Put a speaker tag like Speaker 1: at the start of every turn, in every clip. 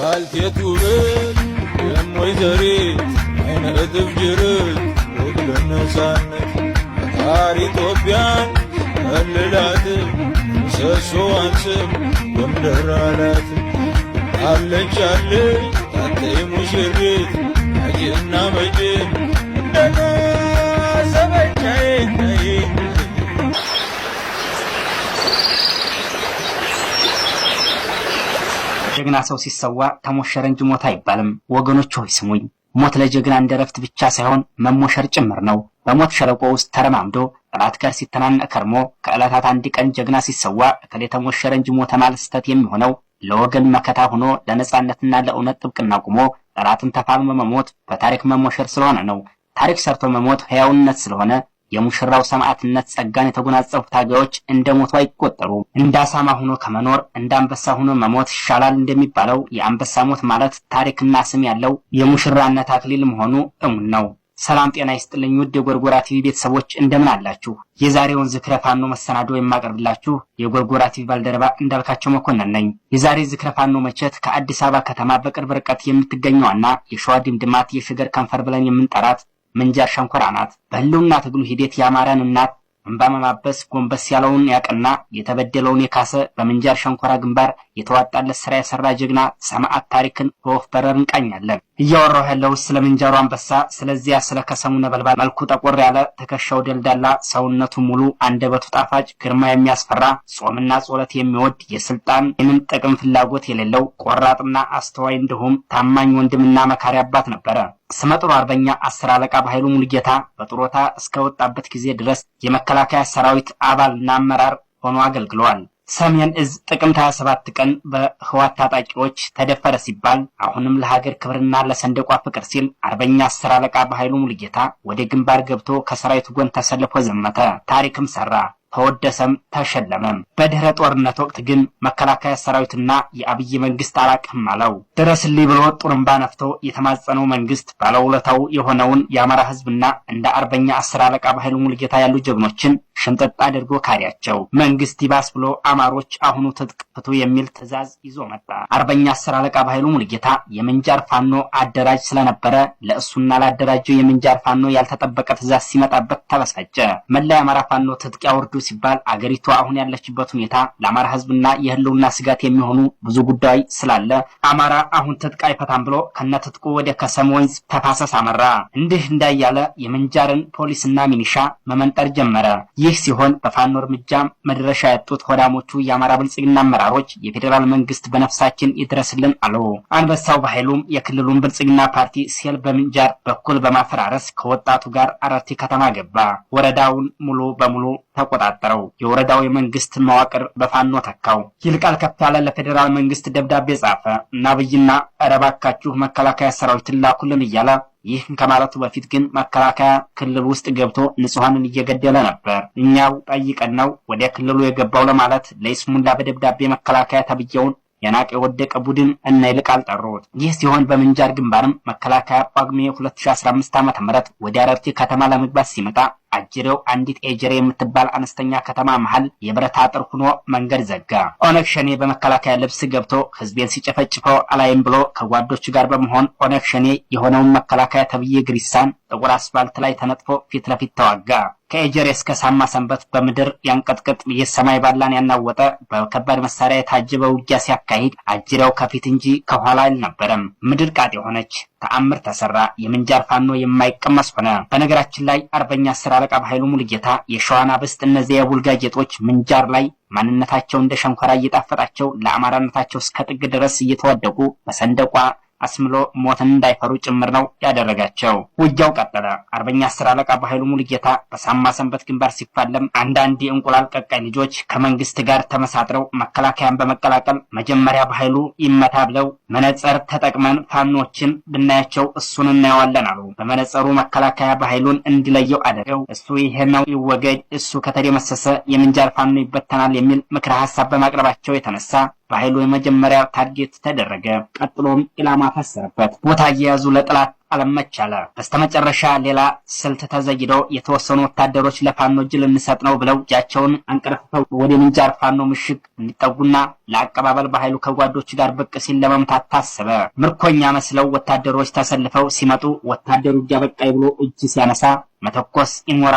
Speaker 1: ባልቴቱ ብል የም ወይዘሪት ጅርት ውድ ልነሳነት ኢትዮጵያን እልላት ምሰሶዋን ስም ጎንደር አላት አለቻለች ታተይ ሙሽሪት አጌና መቼ እንደነ ሰበቻዬ ጀግና ሰው ሲሰዋ ተሞሸረ እንጂ ሞት አይባልም። ወገኖች ሆይ ስሙኝ፣ ሞት ለጀግና እንደ ረፍት ብቻ ሳይሆን መሞሸር ጭምር ነው። በሞት ሸለቆ ውስጥ ተረማምዶ ጠላት ጋር ሲተናነቅ ከርሞ ከዕለታት አንድ ቀን ጀግና ሲሰዋ እከሌ ተሞሸረ እንጂ ሞተ ማለት ስህተት የሚሆነው ለወገን መከታ ሆኖ ለነጻነትና ለእውነት ጥብቅና ቁሞ ጠላትን ተፋልሞ መሞት በታሪክ መሞሸር ስለሆነ ነው። ታሪክ ሰርቶ መሞት ሕያውነት ስለሆነ የሙሽራው ሰማዕትነት ጸጋን የተጎናጸፉ ታጋዮች እንደ ሞቱ አይቆጠሩም። እንደ አሳማ ሆኖ ከመኖር እንደ አንበሳ ሆኖ መሞት ይሻላል እንደሚባለው የአንበሳ ሞት ማለት ታሪክና ስም ያለው የሙሽራነት አክሊል መሆኑ እሙን ነው። ሰላም ጤና ይስጥልኝ ውድ የጎርጎራ ቲቪ ቤተሰቦች እንደምን አላችሁ? የዛሬውን ዝክረ ፋኖ መሰናዶ የማቀርብላችሁ የጎርጎራ ቲቪ ባልደረባ እንዳልካቸው መኮንን ነኝ። የዛሬ ዝክረ ፋኖ መቼት ከአዲስ አበባ ከተማ በቅርብ ርቀት የምትገኘዋና የሸዋ ድምድማት የሸገር ከንፈር ብለን የምንጠራት ምንጃር ሸንኮራ ናት። በህልውና ትግሉ ሂደት የአማራን እናት እንባ መማበስ ጎንበስ ያለውን ያቀና የተበደለውን የካሰ በምንጃር ሸንኮራ ግንባር የተዋጣለት ስራ የሰራ ጀግና ሰማዕት ታሪክን በወፍ በረር እንቃኛለን። እያወራው ያለው ስለ ምንጀሮ አንበሳ፣ ስለዚያ ስለ ከሰሙ ነበልባል፣ መልኩ ጠቆር ያለ፣ ትከሻው ደልዳላ፣ ሰውነቱ ሙሉ፣ አንደበቱ ጣፋጭ፣ ግርማ የሚያስፈራ፣ ጾምና ጸሎት የሚወድ፣ የስልጣን ወይንም ጥቅም ፍላጎት የሌለው፣ ቆራጥና አስተዋይ እንዲሁም ታማኝ ወንድምና መካሪ አባት ነበረ። ስመጥሩ አርበኛ አስር አለቃ በኃይሉ ሙሉጌታ በጡረታ እስከወጣበት ጊዜ ድረስ የመከላከያ ሰራዊት አባልና አመራር ሆኖ አገልግሏል። ሰሜን እዝ ጥቅምት 27 ቀን በህዋት ታጣቂዎች ተደፈረ ሲባል አሁንም ለሀገር ክብርና ለሰንደቋ ፍቅር ሲል አርበኛ አስር አለቃ በኃይሉ ሙልጌታ ወደ ግንባር ገብቶ ከሰራዊቱ ጎን ተሰልፎ ዘመተ፣ ታሪክም ሰራ። ተወደሰም ተሸለመም። በድህረ ጦርነት ወቅት ግን መከላከያ ሰራዊትና የአብይ መንግስት አላቅም አለው። ድረስልኝ ብሎ ጡሩምባ ነፍቶ የተማጸነው መንግስት ባለውለታው የሆነውን የአማራ ህዝብና እንደ አርበኛ አስር አለቃ በኃይሉ ሙሉጌታ ያሉ ጀግኖችን ሽምጥጥ አድርጎ ካሪያቸው። መንግስት ይባስ ብሎ አማሮች አሁኑ ትጥቅ ፍቱ የሚል ትዕዛዝ ይዞ መጣ። አርበኛ አስር አለቃ በኃይሉ ሙልጌታ የምንጃር ፋኖ አደራጅ ስለነበረ ለእሱና ላደራጀው የምንጃር ፋኖ ያልተጠበቀ ትዕዛዝ ሲመጣበት ተበሳጨ። መላ የአማራ ፋኖ ትጥቅ ያወርዱ አድርጊው ሲባል አገሪቷ አሁን ያለችበት ሁኔታ ለአማራ ህዝብና የህልውና ስጋት የሚሆኑ ብዙ ጉዳይ ስላለ አማራ አሁን ትጥቅ አይፈታም ብሎ ከነትጥቁ ወደ ከሰም ወንዝ ተፋሰስ አመራ። እንዲህ እንዳያለ የምንጃርን ፖሊስና ሚኒሻ መመንጠር ጀመረ። ይህ ሲሆን በፋኖ እርምጃ መድረሻ ያጡት ሆዳሞቹ የአማራ ብልጽግና አመራሮች የፌዴራል መንግስት በነፍሳችን ይድረስልን አሉ። አንበሳው በኃይሉም የክልሉን ብልጽግና ፓርቲ ሴል በምንጃር በኩል በማፈራረስ ከወጣቱ ጋር አረርቲ ከተማ ገባ። ወረዳውን ሙሉ በሙሉ ተቆጣጠረው። የወረዳው የመንግስት መዋቅር በፋኖ ተካው። ይልቃል ያለ ለፌዴራል መንግስት ደብዳቤ ጻፈ እና ረባካችሁ መከላከያ ሰራዊትን ላኩልን እያለ ይህ ከማለቱ በፊት ግን መከላከያ ክልል ውስጥ ገብቶ ንጹሐንን እየገደለ ነበር። እኛው ጠይቀን ነው ወደ ክልሉ የገባው ለማለት ለይስሙላ በደብዳቤ መከላከያ ተብዬውን የናቅ የወደቀ ቡድን እና ይልቃል ጠሩት። ይህ ሲሆን በምንጃር ግንባርም መከላከያ ጳጉሜ 2015 ዓ ም ወደ አረርቲ ከተማ ለመግባት ሲመጣ አጅሬው አንዲት ኤጀሬ የምትባል አነስተኛ ከተማ መሀል የብረት አጥር ሁኖ መንገድ ዘጋ። ኦነግ ሸኔ በመከላከያ ልብስ ገብቶ ህዝቤን ሲጨፈጭፈው አላይም ብሎ ከጓዶቹ ጋር በመሆን ኦነግ ሸኔ የሆነውን መከላከያ ተብዬ ግሪሳን ጥቁር አስፋልት ላይ ተነጥፎ ፊት ለፊት ተዋጋ። ከኤጀሬ እስከ ሳማ ሰንበት በምድር ያንቀጥቅጥ የሰማይ ባላን ያናወጠ በከባድ መሳሪያ የታጀበ ውጊያ ሲያካሂድ አጅሬው ከፊት እንጂ ከኋላ አልነበረም። ምድር ቃጥ የሆነች ተአምር ተሰራ። የምንጃር ፋኖ የማይቀመስ ሆነ። በነገራችን ላይ አርበኛ ስራ አለቃ በኃይሉ ሙልጌታ የሸዋና ብስት እነዚያ የቡልጋ ጌጦች ምንጃር ላይ ማንነታቸው እንደ ሸንኮራ እየጣፈጣቸው ለአማራነታቸው እስከ ጥግ ድረስ እየተዋደቁ በሰንደቋ አስምሎ ሞትን እንዳይፈሩ ጭምር ነው ያደረጋቸው። ውጊያው ቀጠለ። አርበኛ አስር አለቃ በኃይሉ ሙልጌታ በሳማ ሰንበት ግንባር ሲፋለም አንዳንድ የእንቁላል ቀቃይ ልጆች ከመንግስት ጋር ተመሳጥረው መከላከያን በመቀላቀል መጀመሪያ በኃይሉ ይመታ ብለው መነጸር ተጠቅመን ፋኖችን ብናያቸው እሱን እናየዋለን አሉ። በመነጸሩ መከላከያ በኃይሉን እንዲለየው አደረገው። እሱ ይሄ ነው ይወገድ፣ እሱ ከተደመሰሰ የምንጃር ፋኖ ይበተናል የሚል ምክረ ሀሳብ በማቅረባቸው የተነሳ በኃይሉ የመጀመሪያ ታርጌት ተደረገ። ቀጥሎም ኢላማ ፈሰረበት። ቦታ እየያዙ ለጠላት አለመቻለ በስተመጨረሻ ሌላ ስልት ተዘይዶ የተወሰኑ ወታደሮች ለፋኖ እጅ ልንሰጥ ነው ብለው እጃቸውን አንቀርፍተው ወደ ምንጃር ፋኖ ምሽግ እንዲጠጉና ለአቀባበል በኃይሉ ከጓዶች ጋር ብቅ ሲል ለመምታት ታሰበ። ምርኮኛ መስለው ወታደሮች ተሰልፈው ሲመጡ ወታደሩ እጅ አበቃይ ብሎ እጅ ሲያነሳ መተኮስ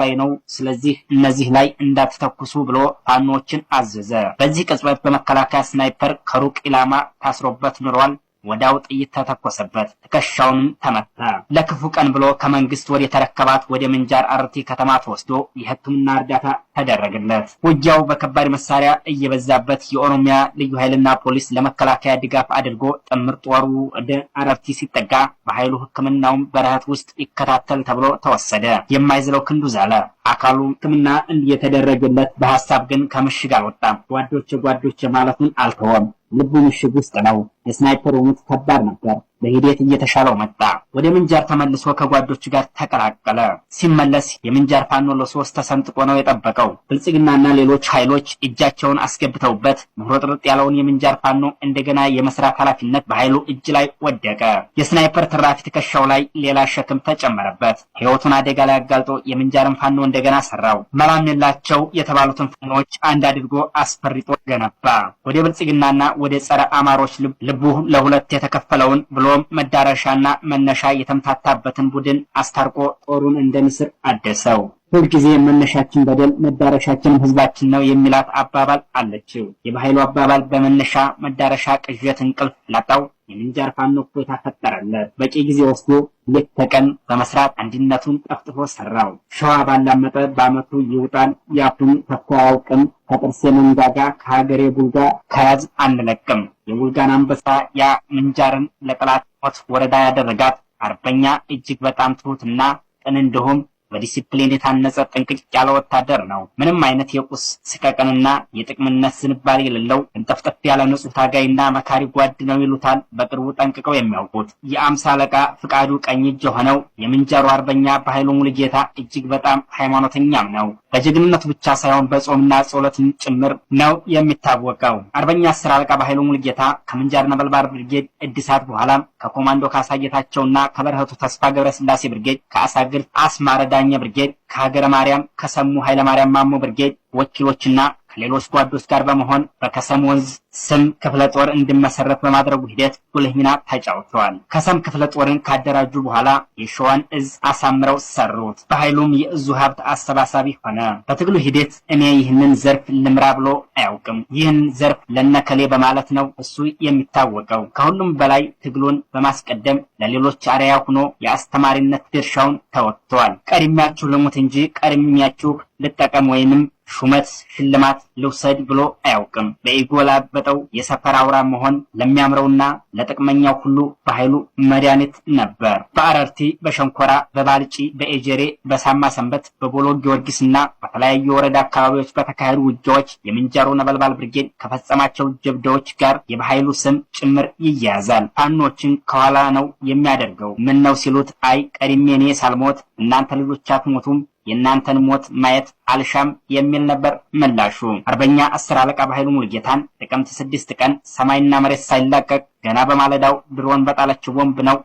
Speaker 1: ላይ ነው፣ ስለዚህ እነዚህ ላይ እንዳትተኩሱ ብሎ ፋኖዎችን አዘዘ። በዚህ ቅጽበት በመከላከያ ስናይፐር ከሩቅ ኢላማ ታስሮበት ኑሯል። ወዳው ጥይት ተተኮሰበት፣ ትከሻውንም ተመታ። ለክፉ ቀን ብሎ ከመንግስት ወደ ተረከባት ወደ ምንጃር አርቲ ከተማ ተወስዶ የሕክምና እርዳታ ተደረገለት። ውጊያው በከባድ መሳሪያ እየበዛበት የኦሮሚያ ልዩ ኃይልና ፖሊስ ለመከላከያ ድጋፍ አድርጎ ጥምር ጦሩ ወደ አረርቲ ሲጠጋ በኃይሉ ሕክምናውም በረሃት ውስጥ ይከታተል ተብሎ ተወሰደ። የማይዝለው ክንዱ ዛለ። አካሉ ሕክምና እየተደረገለት በሀሳብ ግን ከምሽግ አልወጣም። ጓዶች ጓዶች ማለቱን አልተወም። ልቡ ምሽግ ውስጥ ነው። የስናይፐሩ ምት ከባድ ነበር። በሂደት እየተሻለው መጣ። ወደ ምንጃር ተመልሶ ከጓዶቹ ጋር ተቀላቀለ። ሲመለስ የምንጃር ፋኖ ለሶስት ተሰንጥቆ ነው የጠበቀው። ብልጽግናና ሌሎች ኃይሎች እጃቸውን አስገብተውበት ምሮጥርጥ ያለውን የምንጃር ፋኖ እንደገና የመስራት ኃላፊነት በኃይሉ እጅ ላይ ወደቀ። የስናይፐር ትራፊ ትከሻው ላይ ሌላ ሸክም ተጨመረበት። ህይወቱን አደጋ ላይ አጋልጦ የምንጃርን ፋኖ እንደገና ሰራው። መላምንላቸው የተባሉትን ፋኖዎች አንድ አድርጎ አስፈሪጦ ገነባ። ወደ ብልጽግናና ወደ ጸረ አማሮች ልቡ ለሁለት የተከፈለውን ብሎ ሆኖም መዳረሻና መነሻ የተምታታበትን ቡድን አስታርቆ ጦሩን እንደ ንስር አደሰው። ሁልጊዜ መነሻችን በደል መዳረሻችንም ህዝባችን ነው የሚላት አባባል አለችው። የባህሉ አባባል በመነሻ መዳረሻ ቅዠት እንቅልፍ ላጣው የምንጃር ፋኖ ኩታ ፈጠረለት። በቂ ጊዜ ወስዶ ሌት ተቀን በመስራት አንድነቱን ጠፍጥፎ ሰራው። ሸዋ ባላመጠ በአመቱ ይውጣን ያቱን ተኩ አያውቅም። ከጥርሴ መንጋጋ ከሀገሬ ቡልጋ ከያዝ አንለቅም። የቡልጋን አንበሳ ያ ምንጃርን ለጠላት ሞት ወረዳ ያደረጋት አርበኛ እጅግ በጣም ትሁትና ቅን እንደሆም በዲሲፕሊን የታነጸ ጥንቅቅ ያለ ወታደር ነው። ምንም አይነት የቁስ ስቀቅንና የጥቅምነት ዝንባሌ የሌለው እንጠፍጠፍ ያለ ንጹህ ታጋይና መካሪ ጓድ ነው ይሉታል በቅርቡ ጠንቅቀው የሚያውቁት የአምሳ አለቃ ፍቃዱ ቀኝ እጅ የሆነው የምንጃሩ አርበኛ በኃይሉ ሙሉጌታ እጅግ በጣም ሃይማኖተኛም ነው። በጀግንነቱ ብቻ ሳይሆን በጾምና ጸሎትን ጭምር ነው የሚታወቀው። አርበኛ አስር አለቃ በኃይሉ ሙሉጌታ ከምንጃር ነበልባል ብርጌድ እድሳት በኋላም ከኮማንዶ ካሳየታቸውና ከበረህቱ ተስፋ ገብረስላሴ ብርጌድ ከአሳግር አስማረዳ ዳኘ ብርጌድ፣ ከሀገረ ማርያም ከሰሙ ኃይለማርያም ማሞ ብርጌድ ወኪሎችና ከሌሎች ጓዶች ጋር በመሆን በከሰም ወንዝ ስም ክፍለ ጦር እንዲመሰረት በማድረጉ ሂደት ጉልህ ሚና ተጫውተዋል። ከሰም ክፍለ ጦርን ካደራጁ በኋላ የሸዋን እዝ አሳምረው ሰሩት። በኃይሉም የእዙ ሀብት አሰባሳቢ ሆነ። በትግሉ ሂደት እኔ ይህንን ዘርፍ ልምራ ብሎ አያውቅም። ይህን ዘርፍ ለነከሌ በማለት ነው እሱ የሚታወቀው። ከሁሉም በላይ ትግሉን በማስቀደም ለሌሎች አርያ ሆኖ የአስተማሪነት ድርሻውን ተወጥተዋል። ቀድሚያችሁ ልሙት እንጂ ቀድሚያችሁ ልጠቀም ወይንም ሹመት ሽልማት ልውሰድ ብሎ አያውቅም። በኢጎላበጠው ላበጠው የሰፈር አውራ መሆን ለሚያምረውና ለጥቅመኛው ሁሉ በኃይሉ መድኃኒት ነበር። በአረርቲ፣ በሸንኮራ፣ በባልጪ፣ በኤጀሬ፣ በሳማ ሰንበት፣ በቦሎ ጊዮርጊስና በተለያዩ ወረዳ አካባቢዎች በተካሄዱ ውጊያዎች የምንጃሮ ነበልባል ብርጌድ ከፈጸማቸው ጀብዳዎች ጋር የበኃይሉ ስም ጭምር ይያያዛል። ፋኖችን ከኋላ ነው የሚያደርገው። ምን ነው ሲሉት አይ ቀድሜ እኔ ሳልሞት እናንተ ልጆች አትሞቱም የእናንተን ሞት ማየት አልሻም የሚል ነበር ምላሹ። አርበኛ አስር አለቃ በኃይሉ ሙልጌታን ጥቅምት ስድስት ቀን ሰማይና መሬት ሳይላቀቅ ገና በማለዳው ድሮን በጣለችው ቦምብ ነው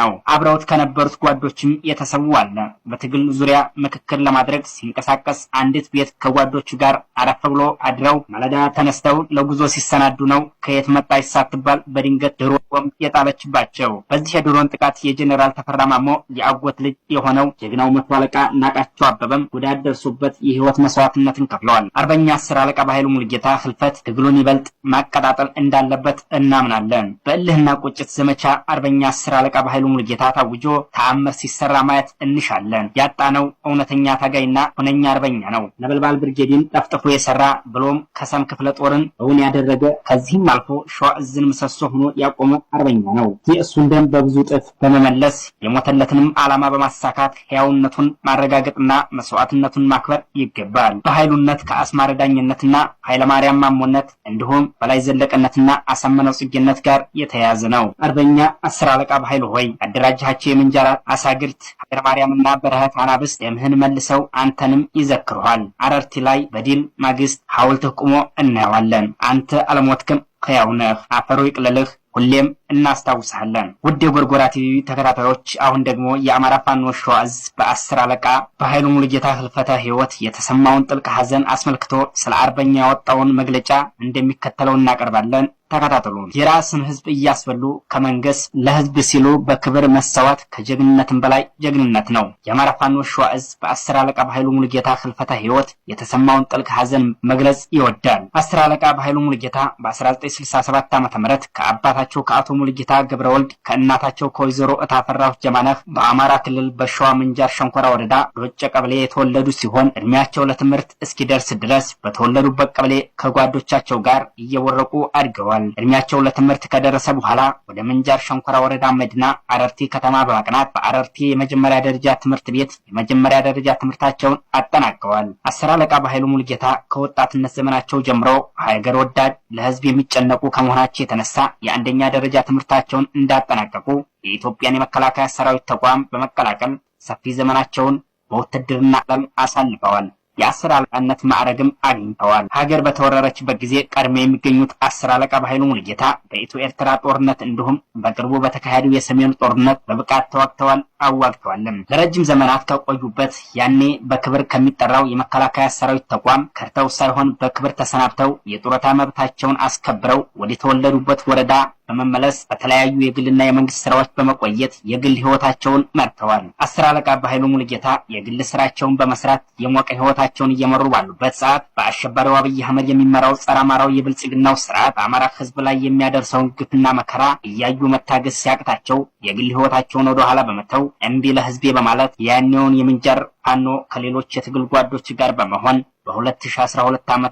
Speaker 1: ነው። አብረውት ከነበሩት ጓዶችም የተሰዉ አለ። በትግል ዙሪያ ምክክር ለማድረግ ሲንቀሳቀስ አንዲት ቤት ከጓዶቹ ጋር አረፍ ብሎ አድረው ማለዳ ተነስተው ለጉዞ ሲሰናዱ ነው ከየት መጣች ሳትባል በድንገት ድሮን ቦምብ የጣለችባቸው። በዚህ የድሮን ጥቃት የጀኔራል ተፈራ ማሞ የአጎት ልጅ የሆነው ጀግናው መቶ አለቃ ናቃቸው አበበም ጉዳት ደርሶበት የህይወት መስዋዕትነትን ከፍለዋል። አርበኛ አስር አለቃ በኃይሉ ሙልጌታ ህልፈት ትግሉን ይበልጥ ማቀጣጠል እንዳለበት እናምናለን። በእልህና ቁጭት ዘመቻ አርበኛ አስር አለቃ በኃይሉ ሙልጌታ ታውጆ ተአምር ሲሰራ ማየት እንሻለን። ያጣነው እውነተኛ ታጋይና ሁነኛ አርበኛ ነው። ነበልባል ብርጌድን ጠፍጥፎ የሰራ ብሎም ከሰም ክፍለ ጦርን እውን ያደረገ ከዚህም አልፎ ሸዋ እዝን ምሰሶ ሆኖ ያቆመ አርበኛ ነው። የእሱን ደም በብዙ ጥፍ በመመለስ የሞተለትንም ዓላማ በማሳካት ሕያውነቱን ማረጋገጥና መስዋዕትነቱን ማክበር ይገባል። በኃይሉነት ከአስማረ ዳኝነትና ኃይለማርያም ማሞነት እንዲሁም በላይ ዘለቀነትና አሳመነው ጽጌነት ጋር የተያዘ ነው። አርበኛ አስር አለቃ በኃይል ሆይ አደራጃቸው የምንጀራ አሳግርት ሀገር ማርያምና በረሃት አናብስት ደምህን መልሰው አንተንም ይዘክርኋል። አረርቲ ላይ በድል ማግስት ሐውልትህ ቁሞ እናየዋለን። አንተ አልሞትክም፣ ሕያው ነህ። አፈሩ ይቅለልህ ሁሌም እናስታውሳለን። ውድ የጎርጎራ ቲቪ ተከታታዮች፣ አሁን ደግሞ የአማራ ፋኖ ሸዋ ዕዝ በአስር አለቃ በኃይሉ ሙሉጌታ ህልፈተ ህይወት የተሰማውን ጥልቅ ሐዘን አስመልክቶ ስለ አርበኛ ያወጣውን መግለጫ እንደሚከተለው እናቀርባለን። ተከታተሉ። የራስን ህዝብ እያስበሉ ከመንገስ ለህዝብ ሲሉ በክብር መሰዋት ከጀግንነትም በላይ ጀግንነት ነው። የአማራ ፋኖ ሸዋ ዕዝ በአስር አለቃ በኃይሉ ሙሉጌታ ህልፈተ ህይወት የተሰማውን ጥልቅ ሐዘን መግለጽ ይወዳል። አስር አለቃ በኃይሉ ሙሉጌታ በ1967 ዓ ም ከአባታ ከአባታቸው ከአቶ ሙልጌታ ወልድ፣ ከእናታቸው ከወይዘሮ እታፈራዎች ጀማነህ በአማራ ክልል በሸዋ ምንጃር ሸንኮራ ወረዳ ዶጨ ቀበሌ የተወለዱ ሲሆን እድሜያቸው ለትምህርት እስኪደርስ ድረስ በተወለዱበት ቀበሌ ከጓዶቻቸው ጋር እየቦረቁ አድገዋል። እድሜያቸው ለትምህርት ከደረሰ በኋላ ወደ ምንጃር ሸንኮራ ወረዳ መዲና አረርቲ ከተማ በማቅናት በአረርቲ የመጀመሪያ ደረጃ ትምህርት ቤት የመጀመሪያ ደረጃ ትምህርታቸውን አጠናቀዋል። አስር አለቃ በኃይሉ ሙልጌታ ከወጣትነት ዘመናቸው ጀምሮ ሀገር ወዳድ ለህዝብ የሚጨነቁ ከመሆናቸው የተነሳ የአንደኛ ሁለተኛ ደረጃ ትምህርታቸውን እንዳጠናቀቁ የኢትዮጵያን የመከላከያ ሰራዊት ተቋም በመቀላቀል ሰፊ ዘመናቸውን በውትድርና ዓለም አሳልፈዋል። የአስር አለቃነት ማዕረግም አግኝተዋል። ሀገር በተወረረችበት ጊዜ ቀድሞ የሚገኙት አስር አለቃ በኃይሉ ሙልጌታ በኢትዮ ኤርትራ ጦርነት እንዲሁም በቅርቡ በተካሄደው የሰሜኑ ጦርነት በብቃት ተዋግተዋል። አዋግተዋልም። ለረጅም ዘመናት ከቆዩበት ያኔ በክብር ከሚጠራው የመከላከያ ሰራዊት ተቋም ከርተው ሳይሆን በክብር ተሰናብተው የጡረታ መብታቸውን አስከብረው ወደ ተወለዱበት ወረዳ በመመለስ በተለያዩ የግልና የመንግስት ስራዎች በመቆየት የግል ህይወታቸውን መርተዋል። አስር አለቃ በኃይሉ ሙሉጌታ የግል ስራቸውን በመስራት የሞቀ ህይወታቸውን እየመሩ ባሉበት ሰዓት በአሸባሪው አብይ አህመድ የሚመራው ጸረ አማራው የብልጽግናው ስርዓት በአማራ ህዝብ ላይ የሚያደርሰውን ግፍና መከራ እያዩ መታገስ ሲያቅታቸው የግል ህይወታቸውን ወደ ኋላ በመተው እምቢ ለህዝቤ በማለት ያኔውን የምንጀር ፋኖ ከሌሎች የትግል ጓዶች ጋር በመሆን በ2012 ዓ ም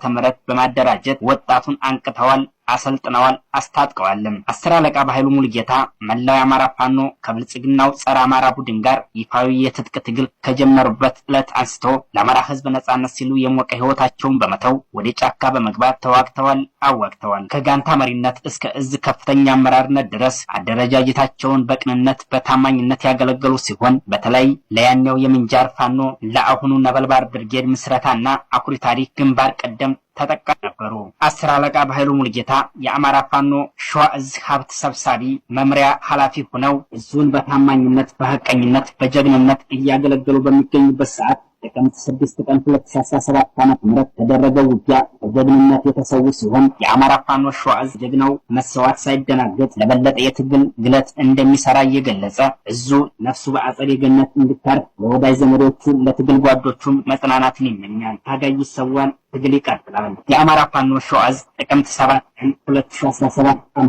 Speaker 1: በማደራጀት ወጣቱን አንቅተዋል፣ አሰልጥነዋል፣ አስታጥቀዋልም። አስር አለቃ በኃይሉ ሙልጌታ መላው የአማራ ፋኖ ከብልጽግናው ጸረ አማራ ቡድን ጋር ይፋዊ የትጥቅ ትግል ከጀመሩበት ዕለት አንስቶ ለአማራ ሕዝብ ነጻነት ሲሉ የሞቀ ሕይወታቸውን በመተው ወደ ጫካ በመግባት ተዋግተዋል፣ አዋግተዋል። ከጋንታ መሪነት እስከ እዝ ከፍተኛ አመራርነት ድረስ አደረጃጀታቸውን በቅንነት በታማኝነት ያገለገሉ ሲሆን በተለይ ለያኛው የምንጃር ፋኖ ለአሁኑ ነበልባር ብርጌድ ምስረታና አኩሪ ታሪክ ግንባር ቀደም ተጠቃ ነበሩ። አስር አለቃ በኃይሉ ሙልጌታ የአማራ ፋኖ ሸዋ እዝ ሀብት ሰብሳቢ መምሪያ ኃላፊ ሆነው እዙን በታማኝነት በሀቀኝነት፣ በጀግንነት እያገለገሉ በሚገኙበት ሰዓት ጥቅምት 6 ቀን 2017 ዓ.ም ተደረገው ውጊያ በጀግንነት የተሰዉ ሲሆን የአማራ ፋኖ ሸዋ ጀግናው መሰዋት ሳይደናገጥ ለበለጠ የትግል ግለት እንደሚሰራ እየገለጸ እዙ ነፍሱ በአጸደ ገነት እንድታርፍ ለወዳጅ ዘመዶቹ ለትግል ጓዶቹም መጽናናትን ይመኛል። ታጋይ ይሰዋል፣ ትግል ይቀጥላል። የአማራ ፋኖ ሸዋ ዕዝ ጥቅምት 7 ቀን 2017 ዓ.ም።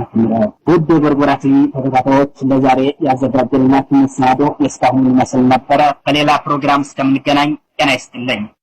Speaker 1: ውድ የጎርጎራ ቲቪ ተከታታዮች ለዛሬ ያዘጋጀልናት መሰናዶ የእስካሁን ይመስል ነበረ። በሌላ ፕሮግራም እስከምንገናኝ can I string the